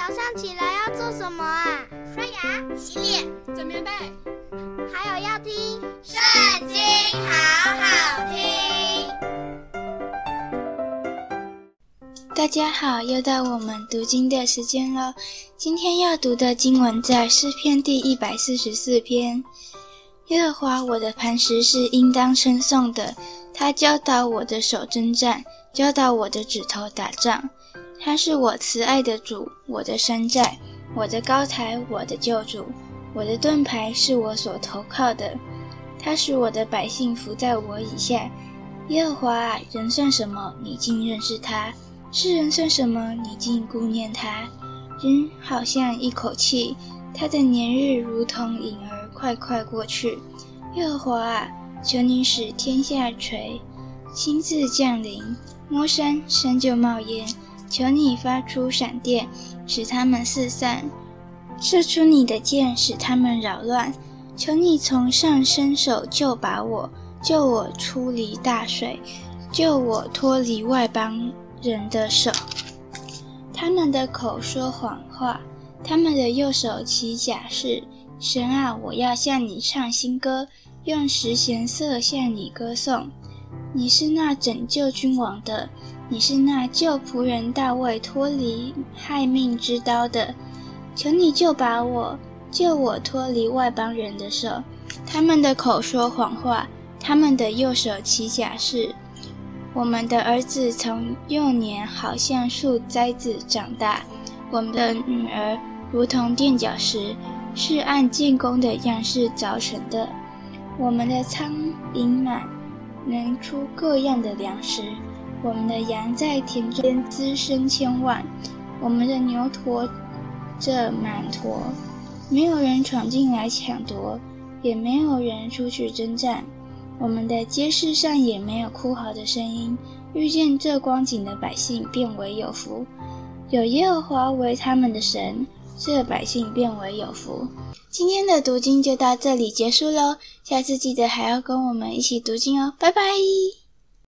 早上起來要做什麼啊？刷牙、洗臉、整棉被，還有要聽《聖經》，好好聽。大家好，又到我們讀經的時間了。今天要讀的經文在詩篇第一百四十四篇。耶和華我的磐石是應當稱頌的，他教導我的手爭戰，教導我的指頭打仗。他是我慈愛的主，我的山寨，我的高台，我的救主，我的盾牌是我所投靠的。他使我的百姓，服在我以下。耶和華啊，人算什麼？你竟認識他？世人算什麼？你竟顧念他？人好像一口氣，他的年日如同影兒，快快過去。耶和華啊，求你使天下垂，親自降臨，摸山，山就冒煙。求你發出閃電，使他們四散；射出你的箭，使他們擾亂。求你從上伸手救拔我，救我出離大水，救我脫離外邦人的手。他們的口說謊話，他們的右手起假誓。神啊，我要向你唱新歌，用十弦瑟向你歌頌。你是那拯救君王的，你是那救僕人大衛脫離害命之刀的，求你救拔我，救我脫離外邦人的手。 他們的口說謊話，他們的右手起假誓。我們的兒子從幼年好像樹栽子長大，我們的女兒如同殿角石，是按建宮的樣式鑿成的。我們的倉盈滿。能出各樣的糧食，我們的羊在田間孳生千萬，我們的牛馱著滿馱，沒有人闖進來搶奪，也沒有人出去征戰，我們的街市上也沒有哭號的聲音。遇見這光景的百姓，便為有福，有耶和華為他們的神。這百姓便為有福。今天的讀經就到這裡結束嘍，下次記得還要跟我們一起讀經哦，拜拜。